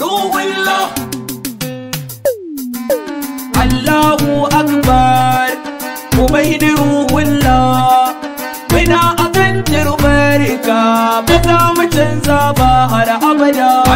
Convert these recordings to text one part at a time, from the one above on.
ruhun la Allahu akbar ubaid ruhun la muna akan turbarka ba za mu har abada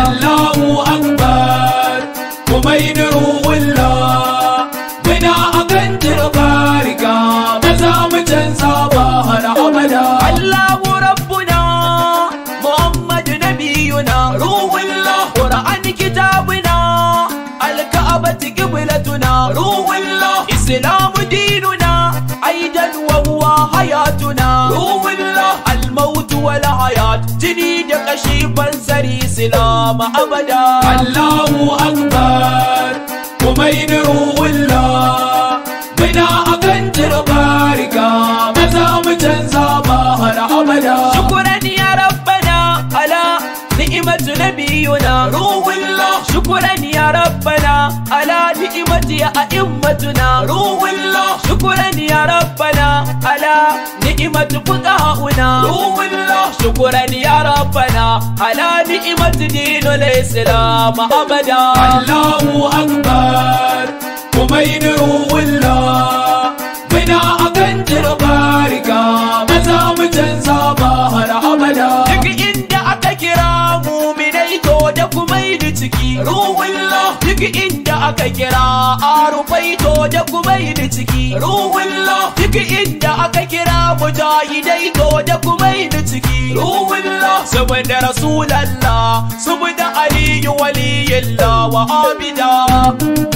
ruhulla. islamu dinu na. hayatuna. ruwalla. almauji wala da kashe ban zani islama'amada. allahu anbar. kumaini ruwalla. mu na maza mu canza ma alhamada. miliyona ruhun la shukuran ya rabbana ala ni'imati ya a'immatuna ruhun la shukuran ya rabbana ala ni'imati fuqahuna ruhun la shukuran ya rabbana ala ni'imati dinul islam abada allahu akbar kuma yin ruhun la muna akan jirbar ga maza mu canza da ciki ruhullah duk inda aka kira to da kumai da ciki ruhullah duk inda aka kira mujahidai to da kumai da ciki ruhullah saboda rasulallah saboda aliyu waliyullah wa abida